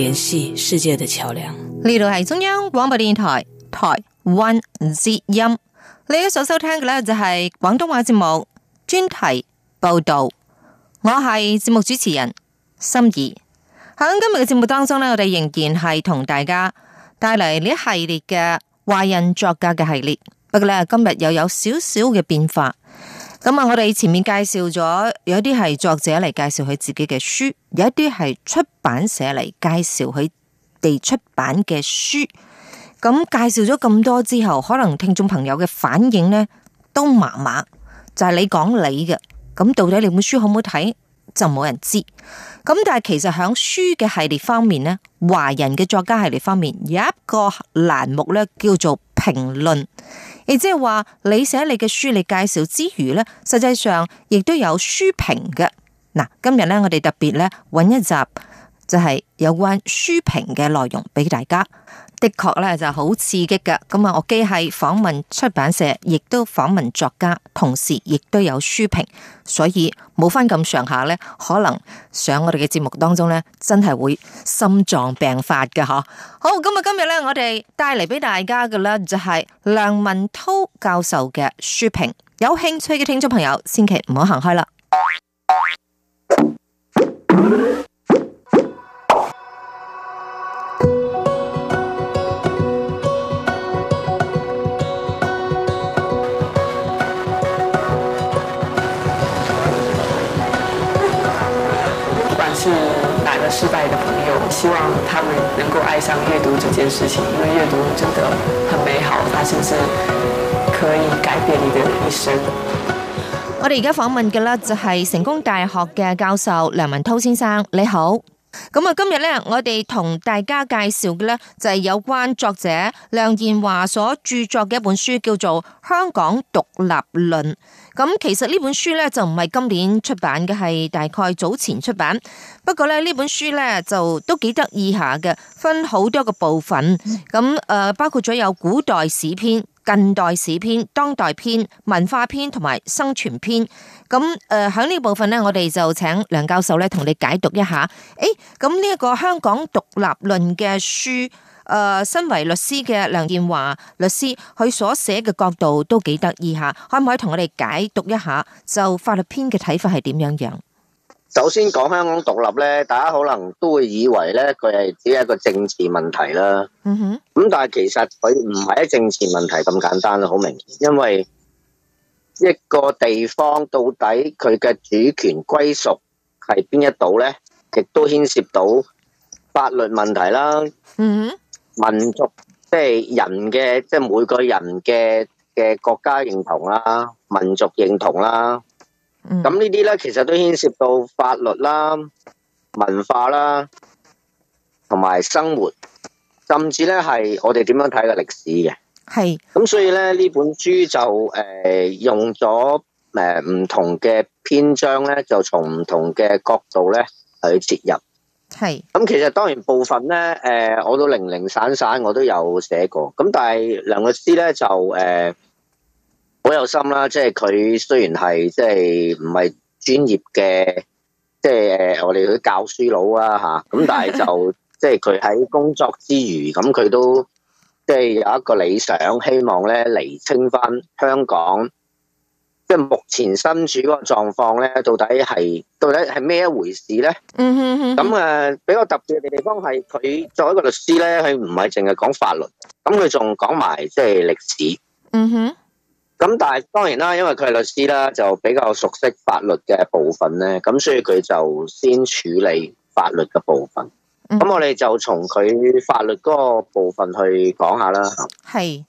聯繫世界的橋梁。呢度係中央廣播電台台灣之音。你而家所收聽嘅咧就係廣東話節目專題報道。我係節目主持人心儀響今日嘅節目當中咧，我哋仍然係同大家帶嚟呢一系列嘅華人作家嘅系列。不過咧，今日又有少少嘅變化。咁啊！我哋前面介紹咗，有一啲係作者嚟介紹佢自己嘅書，有一啲係出版社嚟介紹佢哋出版嘅書。咁介紹咗咁多之後，可能聽眾朋友嘅反應呢都麻麻，就係、是、你講你嘅。咁到底你本書好唔好睇，就冇人知道。咁但係其實喺書嘅系列方面呢，華人嘅作家系列方面，有一個欄目呢叫做。評論，亦即係話你寫你嘅書，你介紹之餘呢，實際上亦都有書評嘅。嗱，今日呢，我哋特別呢揾一集就係有關書評嘅內容俾大家。的確咧，就好刺激噶咁啊我既係訪問出版社，亦都訪問作家，同時亦都有書評，所以冇翻咁上下咧，可能上我哋嘅節目當中咧，真係會心臟病發嘅嗬。好，咁啊今日咧我哋帶嚟俾大家嘅咧，就係梁文韜教授嘅書評，有興趣嘅聽眾朋友千祈唔好行開啦。 希望他們能夠愛上閱讀這件事情，因為閱讀真的很美好，它甚至可以改變你的一生。我哋而家訪問嘅呢就係成功大學嘅教授梁文韜先生，你好。咁啊，今日咧，我哋同大家介紹嘅咧就係有關作者梁衍華所著作嘅一本書，叫做《香港獨立論》。咁其實呢本書咧就唔係今年出版嘅，係大概早前出版的。不過咧呢本書咧就都幾得意下嘅，分好多個部分。咁誒，包括咗有古代史篇、近代史篇、當代篇、文化篇同埋生存篇。咁誒，喺呢個部分呢，我哋就請梁教授呢同你解讀一下。誒，咁呢一個香港獨立論嘅書，誒，身為律師嘅梁健華律師，佢所寫嘅角度都幾得意下，可唔可以同我哋解讀一下？就法律篇嘅睇法係點樣樣？首先講香港獨立呢，大家可能都會以為呢，佢係只係一個政治問題啦。嗯哼。咁但係其實佢唔係一政治問題咁簡單啦，好明顯，因為。一個地方到底佢嘅主權歸屬係邊一度呢？亦都牽涉到法律問題啦。嗯、mm -hmm.，民族即係、就是、人嘅，即、就、係、是、每個人嘅嘅國家認同啦，民族認同啦。嗯，咁呢啲呢，其實都牽涉到法律啦、文化啦，同埋生活，甚至呢係我哋點樣睇嘅歷史嘅。係，咁所以咧呢本書就誒、呃、用咗誒唔同嘅篇章咧，就從唔同嘅角度咧去切入。係，咁、嗯、其實當然部分咧誒、呃，我都零零散散我都有寫過，咁、嗯、但係梁律師咧就誒好、呃、有心啦，即係佢雖然係即係唔係專業嘅，即係誒我哋嗰啲教書佬啊吓，咁、啊、但係就即係佢喺工作之餘，咁佢都。即係有一個理想，希望咧厘清翻香港，即係目前身處嗰個狀況咧，到底係到底係咩一回事咧？Mm-hmm. 咁啊，比較特別嘅地方係佢作為一個律師咧，佢唔係淨係講法律，咁佢仲講埋即係歷史。Mm-hmm. 咁但係當然啦，因為佢係律師啦，就比較熟悉法律嘅部分咧，咁所以佢就先處理法律嘅部分。咁我哋就從佢法律嗰個部分去講下啦。係，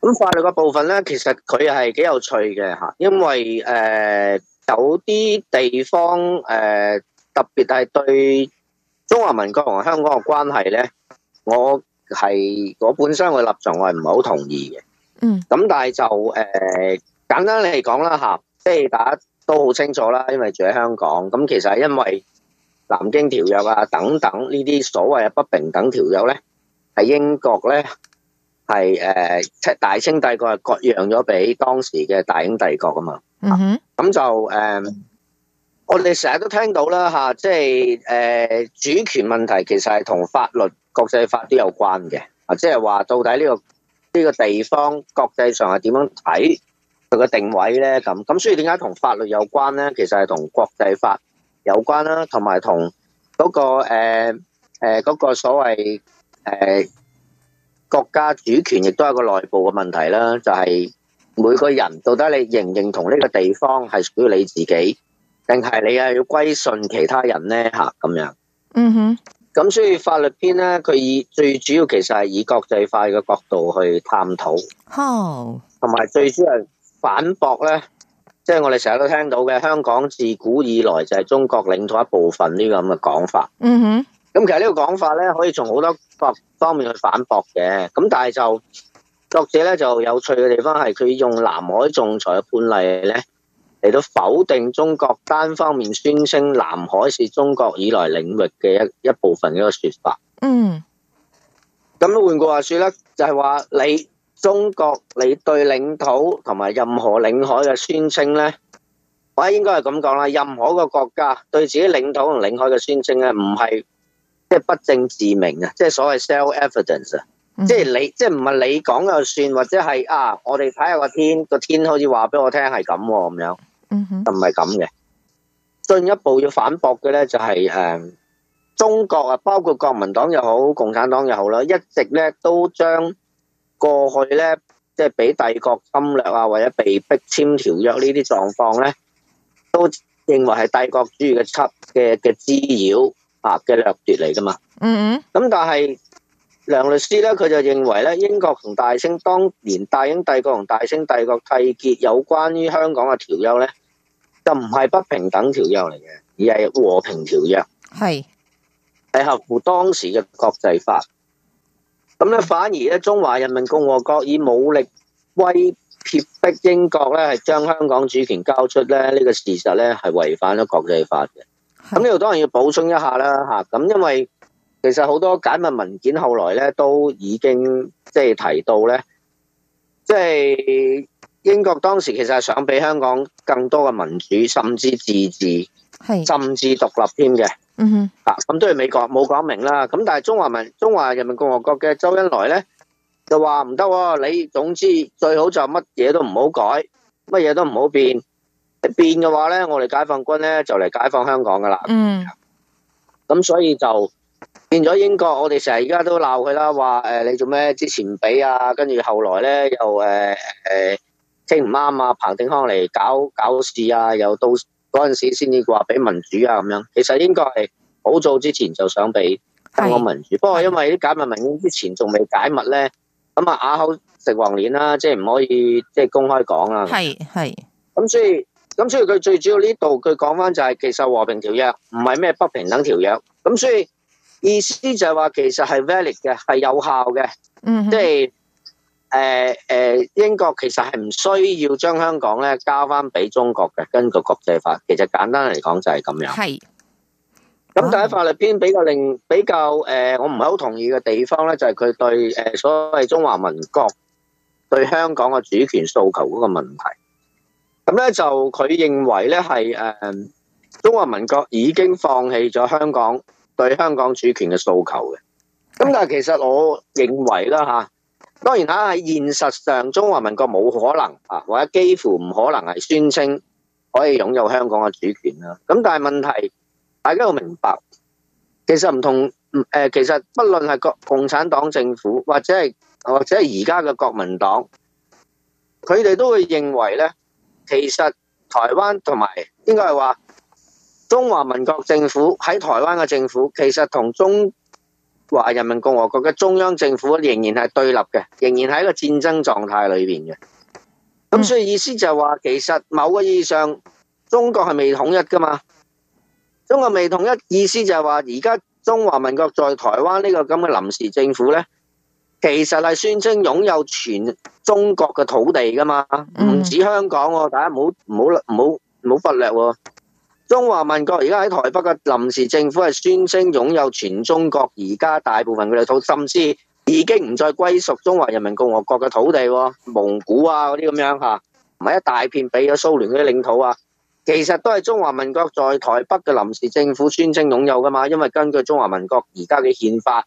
咁法律個部分咧，其實佢係幾有趣嘅吓，因為誒、呃、有啲地方誒、呃、特別係對中華民國同香港嘅關係咧，我係嗰本身嘅立場我係唔係好同意嘅。嗯。咁但係就誒、呃、簡單嚟講啦吓，即係大家都好清楚啦，因為住喺香港，咁其實係因為，南京條約啊等等呢啲所謂嘅不平等條約咧，係英國咧係誒，即係、呃、大清帝國係割讓咗俾當時嘅大英帝國噶嘛。咁、mm -hmm. 啊、就誒、嗯，我哋成日都聽到啦吓，即係誒主權問題其實係同法律、國際法都有關嘅啊，即係話到底呢、呢個呢、呢個地方國際上係點樣睇佢個定位咧？咁咁，所以點解同法律有關咧？其實係同國際法。有關啦，同埋同嗰個誒誒、呃呃嗰個所謂誒、呃、國家主權，亦都係個內部嘅問題啦。就係、係，每個人到底你認唔認同呢個地方係屬於你自己，定係你係要歸順其他人呢？吓咁樣。嗯哼。咁所以法律篇咧，佢以最主要其實係以國際化嘅角度去探討。哦。同埋最主要係反駁咧。即係我哋成日都聽到嘅，香港自古以來就係中國領土一部分呢個咁嘅講法。嗯哼。咁其實呢個講法咧，可以從好多個方面去反駁嘅。咁但係就作者咧，就有趣嘅地方係佢用南海仲裁嘅判例咧，嚟到否定中國單方面宣稱南海是中國以來領域嘅一一部分嗰個説法。嗯。咁換句話説咧，就係、是、話你。中國你對領土同埋任何領海嘅宣稱咧，我應該係咁講啦。任何個國家對自己領土同領海嘅宣稱咧，唔係即係不證自明啊，即係所謂 self-evidence 啊，即係你即係唔係你講就算，或者係啊，我哋睇下個天，個天好似話俾我聽係咁咁樣，就唔係咁嘅。進一步要反駁嘅咧，就係誒，中國啊，包括國民黨又好，共產黨又好啦，一直咧都將。過去咧，即係俾帝國侵略啊，或者被逼簽條約這些狀況、呢啲狀況咧，都認為係帝國主義嘅差嘅、嘅滋擾啊、嘅掠奪嚟噶嘛。嗯，嗯，咁但係梁律師咧，佢就認為咧，英國同大清當年，大英帝國同大清帝國締結有關於香港嘅條約咧，就唔係不平等條約嚟嘅，而係和平條約，係係合乎當時嘅國際法。咁咧，反而咧，中華人民共和國以武力威脅逼英國咧，係將香港主權交出咧，呢個事實咧係違反咗國際法嘅。咁呢度當然要補充一下啦，吓咁，因為其實好多解密文件後來咧都已經即係提到咧，即係英國當時其實係想俾香港更多嘅民主，甚至自治，甚至獨立添嘅。嗯哼，啊，咁都係美國冇講明啦，咁但係中華民中華人民共和國嘅周恩來咧就話唔得，你總之最好就乜嘢都唔好改，乜嘢都唔好變，變嘅話咧，我哋解放軍咧就嚟解放香港噶啦。嗯，咁所以就變咗英國，我哋成日而家都鬧佢啦，話誒你做咩之前俾啊，跟住後來咧又誒誒傾唔啱啊，彭定康嚟搞搞事啊，又到。嗰陣時先至話俾民主啊，咁樣。其實應該係好早之前就想俾香港民主，不過因為啲解密文件之前仲未解密咧，咁啊啞口食黃連啦，即係唔可以即係公開講啊。係係，咁所以咁所以佢最主要呢度佢講翻就係，是，其實和平條約唔係咩不平等條約，咁所以意思就係話其實係 valid 嘅，係有效嘅，即、嗯、係。就是誒誒，英國其實係唔需要將香港咧交翻俾中國嘅，根據國際法，其實簡單嚟講就係咁樣。係。咁但係法律篇比較令比較誒，我唔係好同意嘅地方咧，就係、是、佢對誒所謂中華民國對香港嘅主權訴求嗰個問題。咁咧就佢認為咧係誒中華民國已經放棄咗香港對香港主權嘅訴求嘅。咁但係其實我認為啦吓。當然啦，喺現實上中華民國冇可能啊，或者幾乎唔可能係宣稱可以擁有香港嘅主權啦。咁但係問題，大家要明白，其實唔同誒，其實不論係國共產黨政府，或者係或者係而家嘅國民黨，佢哋都會認為咧，其實台灣同埋應該係話中華民國政府喺台灣嘅政府，其實同中話人民共和國嘅中央政府仍然係對立嘅，仍然喺一個戰爭狀態裏邊嘅。咁所以意思就係話，其實某個意義上，中國係未統一噶嘛？中國未統一，意思就係話，而家中華民國在台灣呢個咁嘅臨時政府咧，其實係宣稱擁有全中國嘅土地噶嘛？唔止香港，啊，大家唔好唔好唔好唔好忽略喎，啊。中華民國而家喺台北嘅臨時政府係宣稱擁有全中國而家大部分嘅領土，甚至已經唔再歸屬中華人民共和國嘅土地，蒙古啊嗰啲咁樣吓，唔係一大片俾咗蘇聯嗰啲領土啊，其實都係中華民國在台北嘅臨時政府宣稱擁有噶嘛，因為根據中華民國而家嘅憲法，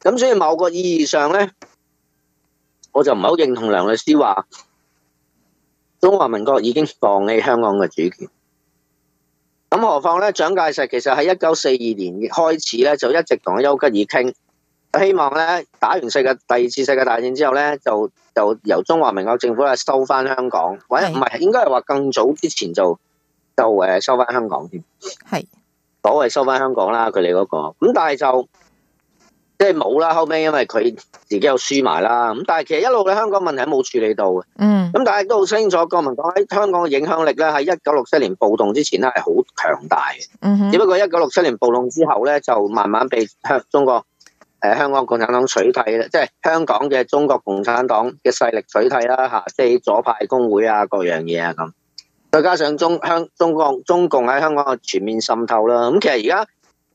咁所以某個意義上呢，我就唔係好認同梁律師話中華民國已經放棄香港嘅主權。咁何況咧，蔣介石其實喺一九四二年開始咧，就一直同丘吉爾傾，希望咧打完世界第二次世界大戰之後咧，就就由中華民國政府咧收翻香港。或者唔係，應該係話更早之前就就誒收翻香港添。係，所謂收翻香港啦，佢哋嗰個。咁但係就。即係冇啦，後尾因為佢自己又輸埋啦。咁但係其實一路咧，香港問題冇處理到嘅。嗯。咁大家都好清楚，國民黨喺香港嘅影響力咧，係一九六七年暴動之前咧係好強大嘅。Mm-hmm. 只不過一九六七年暴動之後咧，就慢慢被香中國誒、呃、香港共產黨取替啦，即係香港嘅中國共產黨嘅勢力取替啦嚇，即係左派工會啊，各樣嘢啊咁。再加上中香中國中共喺香港嘅全面滲透啦。咁、嗯、其實而家。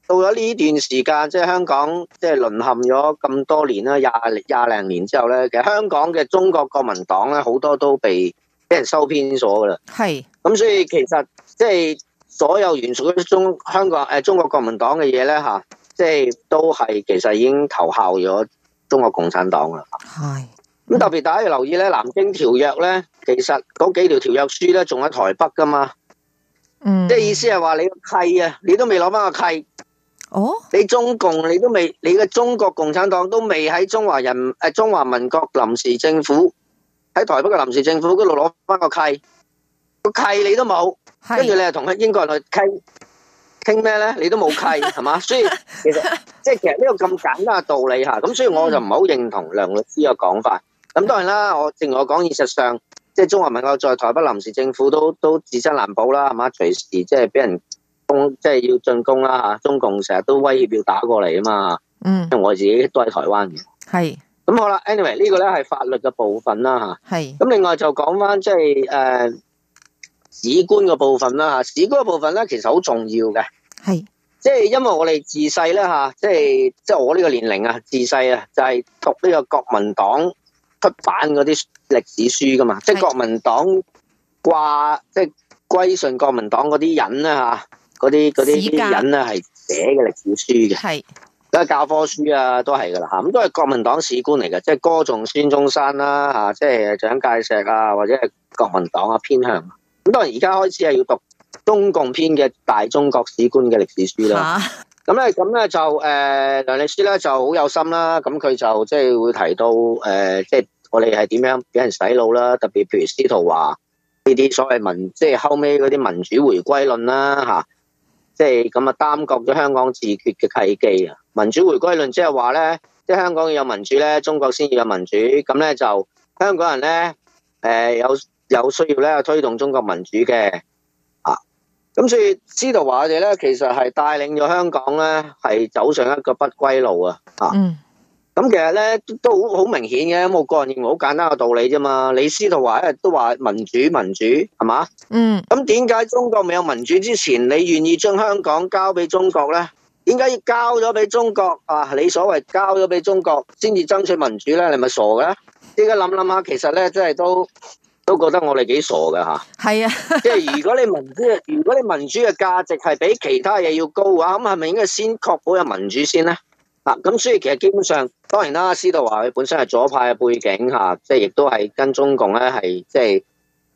到咗呢段時間，即係香港，即係淪陷咗咁多年啦，廿廿零年之後咧，其實香港嘅中國國民黨咧，好多都被俾人收編咗噶啦。係。咁所以其實即係所有原屬於中香港誒中國國民黨嘅嘢咧嚇，即係都係其實已經投效咗中國共產黨啦。係。咁特別大家要留意咧，南京條約咧，其實嗰幾條條約書咧，仲喺台北噶嘛。嗯。即係意思係話你契啊，你都未攞翻個契。你中共你都未，你嘅中國共產黨都未喺中華人誒中華民國臨時政府喺台北嘅臨時政府嗰度攞翻個契，個契你都冇，跟住你又同英國人去傾傾咩咧？你都冇契係嘛？ 所以其實即係、就是、其實呢個咁簡單嘅道理吓，咁所以我就唔係好認同梁律師嘅講法。咁當然啦，我正如我講，事實上即係、就是、中華民國在台北臨時政府都都自身難保啦，係嘛？隨時即係俾人。即、就、係、是、要進攻啦、啊、吓，中共成日都威脅要打過嚟啊嘛。嗯，因為我自己都係台灣嘅。係咁好啦，Anyway 呢個咧係法律嘅部分啦、啊、吓。係咁，另外就講翻即係誒史觀嘅部分啦吓，史觀嘅部分咧、啊啊啊、其實好重要嘅。係即係因為我哋自細咧吓，即係即係我呢個年齡啊，自細啊就係、是、讀呢個國民黨出版嗰啲歷史書噶嘛，即係、就是、國民黨掛即係歸順國民黨嗰啲人咧、啊、吓。嗰啲啲人咧係寫嘅歷史書嘅，係，咁啊教科書啊都係噶啦吓，咁都係國民黨史觀嚟嘅，即係歌頌孫中山啦、啊、吓，即係蔣介石啊或者係國民黨啊偏向啊，咁當然而家開始係要讀中共編嘅大中國史觀嘅歷史書啦，咁咧咁咧就誒、呃、梁律師咧就好有心啦、啊，咁佢就即係會提到誒即係我哋係點樣俾人洗腦啦、啊，特別譬如司徒華呢啲所謂民，即、就、係、是、後尾嗰啲民主回歸論啦吓。即係咁啊，耽擱咗香港自決嘅契機啊！民主回歸論即係話咧，即係香港要有民主咧，中國先要有民主。咁咧就香港人咧，誒有有需要咧推動中國民主嘅啊！咁所以司徒華佢哋咧，其實係帶領咗香港咧，係走上一個不歸路啊！啊、嗯、～咁其實咧都好好明顯嘅，咁我個人認為好簡單嘅道理啫嘛。你司徒華一日都話民主，民主係嘛？嗯。咁點解中國未有民主之前，你願意將香港交俾中國咧？點解要交咗俾中國啊？你所謂交咗俾中國先至爭取民主咧？你咪傻嘅？依家諗諗下，其實咧真係都都覺得我哋幾傻嘅嚇。係啊。即 係如果你民主，如果你民主嘅價值係比其他嘢要高嘅話，咁係咪應該先確保有民主先咧？嗱、啊，咁所以其實基本上，當然啦，司徒華佢本身係左派嘅背景吓，即係亦都係跟中共咧，係，即係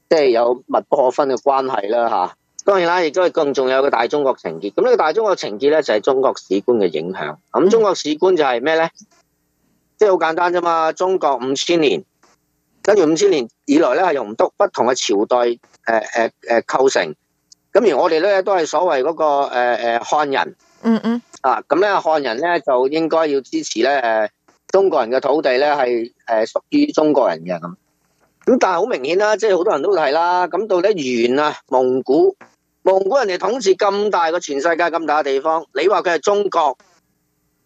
即係有密不可分嘅關係啦吓。當然啦，亦都係更重要嘅大中國情結。咁呢個大中國情結咧，就係、是、中國史觀嘅影響。咁、啊、中國史觀就係咩咧？即係好簡單啫嘛，中國五千年，跟住五千年以來咧係用唔督不同嘅朝代，誒誒誒構成。咁、啊、而我哋咧都係所謂嗰、那個誒誒漢人，嗯嗯。啊，咁咧，漢人咧就應該要支持咧，中國人嘅土地咧係誒屬於中國人嘅咁。咁但係好明顯啦，即係好多人都會睇啦。咁到底元啊、蒙古、蒙古人哋統治咁大個全世界咁大嘅地方，你話佢係中國，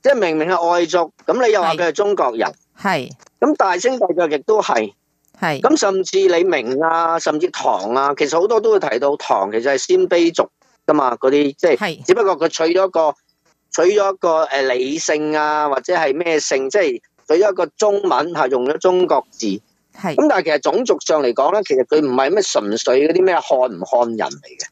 即係明明係外族，咁你又話佢係中國人，係。咁大清大將亦都係，係。咁甚至你明啊，甚至唐啊，其實好多都會提到唐其實係鮮卑族噶嘛，嗰啲即係，只不過佢取咗個。取咗一個誒理性啊，或者係咩性，即係取咗一個中文吓，用咗中國字。係咁，但係其實種族上嚟講咧，其實佢唔係咩純粹嗰啲咩漢唔漢人嚟嘅。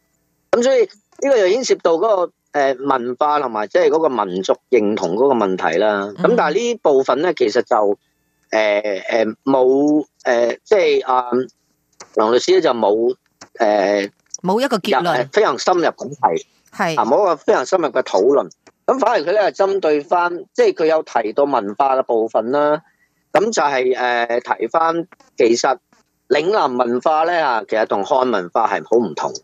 咁所以呢個又牽涉到嗰個誒文化同埋即係嗰個民族認同嗰個問題啦。咁、嗯、但係呢部分咧，其實就誒誒冇誒即係啊，梁律師咧就冇誒冇一個結論，非常深入咁係係冇一個非常深入嘅討論。咁反而佢咧係針對翻，即係佢有提到文化嘅部分啦。咁就係、是、誒提翻，其實嶺南文化咧嚇，其實同漢文化係好唔同嘅。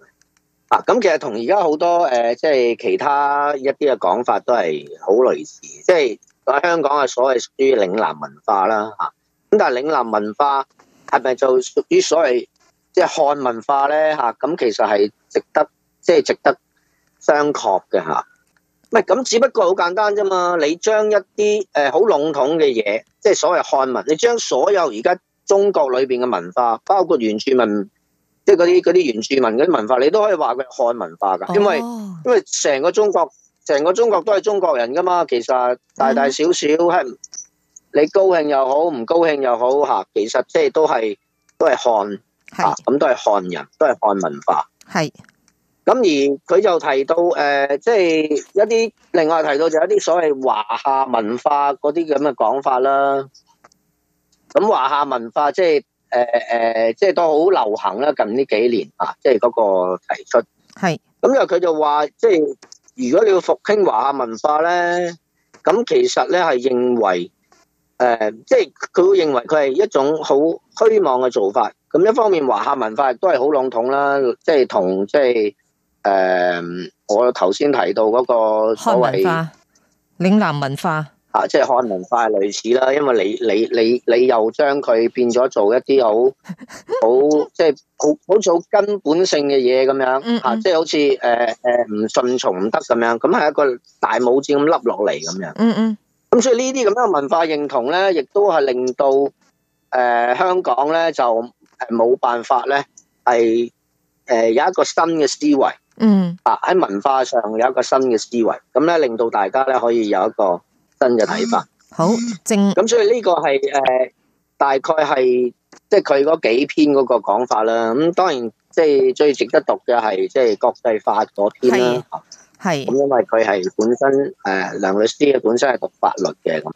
啊，咁其實同而家好多誒，即係其他一啲嘅講法都係好類似。即、就、係、是、香港嘅所謂屬於嶺南文化啦嚇。咁但係嶺南文化係咪就屬於所謂即係漢文化咧嚇？咁其實係值得即係、就是、值得商榷嘅嚇。唔係，咁，只不過好簡單啫嘛。你將一啲誒好籠統嘅嘢，即係所謂漢文，你將所有而家中國裏面嘅文化，包括原住民，即係嗰啲嗰啲原住民嘅啲文化，你都可以話佢係漢文化㗎。因為、oh. 因為成個中國，成個中國都係中國人㗎嘛。其實大大少少係，你高興又好，唔高興又好嚇，其實即係都係都係漢嚇，咁都係漢人，都係漢文化。咁而佢就提到，誒，即係一啲另外提到就一啲所謂華夏文化嗰啲咁嘅講法啦。咁華夏文化即係誒誒即係都好流行啦。近呢幾年啊，即係嗰個提出。係咁因為佢就話，即係，如果你要復興華夏文化咧，咁其實咧係認為誒即係佢會認為佢係一種好虛妄嘅做法。咁一方面華夏文化亦都係好籠統啦，即係同即係。即係誒、um，我頭先提到嗰個所謂嶺南文化吓、啊，即係漢文化類似啦。因為你你你你又將佢變咗做一啲好好即係好好似好根本性嘅嘢咁樣，即係好似誒誒唔順從唔得咁樣，咁係一個大帽子咁笠落嚟咁樣。嗯嗯。咁所以呢啲咁樣嘅文化認同咧，亦都係令到誒、呃、香港咧就冇辦法咧，係誒、呃、有一個新嘅思維。嗯、mm. 啊，啊喺文化上有一個新嘅思維，咁咧令到大家咧可以有一個新嘅睇法。好正，咁所以呢個係誒、呃、大概係即係佢嗰幾篇嗰個講法啦。咁、嗯、當然即係、就是、最值得讀嘅係即係國際法嗰篇啦。係咁、嗯，因為佢係本身誒、呃、梁律師嘅本身係讀法律嘅。咁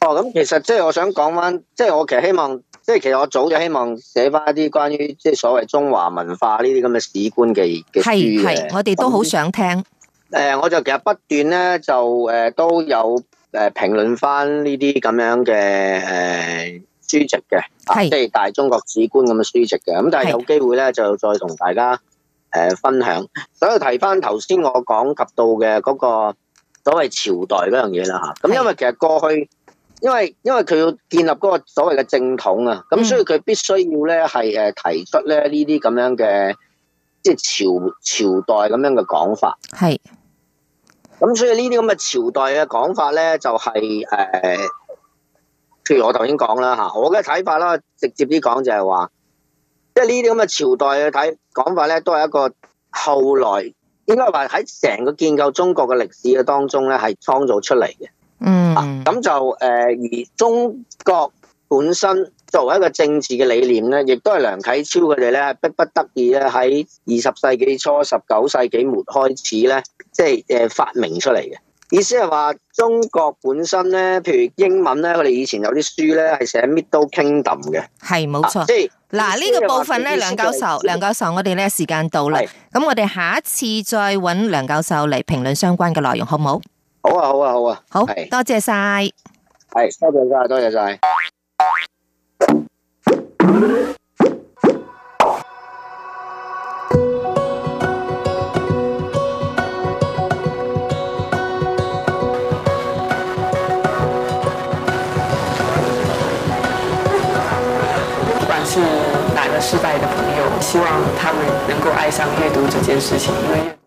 哦，咁其實即係、就是、我想講返，即、就、係、是、我其實希望。即係其實我早就希望寫翻一啲關於即係所謂中華文化呢啲咁嘅史觀嘅嘅書嘅，係係我哋都好想聽。誒，我就其實不斷咧就誒都有誒評論翻呢啲咁樣嘅誒書籍嘅，即係、啊就是、大中國史觀咁嘅書籍嘅。咁但係有機會咧就再同大家誒分享。所以提翻頭先我講及到嘅嗰個所謂朝代嗰樣嘢啦吓，咁因為其實過去。因為因為佢要建立嗰個所謂嘅正統啊，咁、嗯、所以佢必須要咧係誒提出咧呢啲咁樣嘅即係朝朝代咁樣嘅講法。係，咁所以呢啲咁嘅朝代嘅講法咧，就係、是、誒，譬、呃、如我頭先講啦吓，我嘅睇法啦，直接啲講就係話，即係呢啲咁嘅朝代嘅睇講法咧，都係一個後來應該話喺成個建構中國嘅歷史嘅當中咧，係創造出嚟嘅。嗯，咁、啊、就誒，而、呃、中國本身作為一個政治嘅理念咧，亦都係梁啟超佢哋咧，係逼不得已咧喺二十世紀初、十九世紀末開始咧，即係誒發明出嚟嘅。意思係話中國本身咧，譬如英文咧，佢哋以前有啲書咧係寫 Middle Kingdom 嘅，係冇錯。即係嗱呢個部分咧，梁教授，梁教授我，我哋咧時間到嚟，咁我哋下一次再揾梁教授嚟評論相關嘅內容，好唔好？好啊好啊好啊，好係、啊啊，多謝曬，係多謝曬，多謝曬。不管是哪個失敗的朋友，希望他們能夠愛上閱讀這件事情，因為。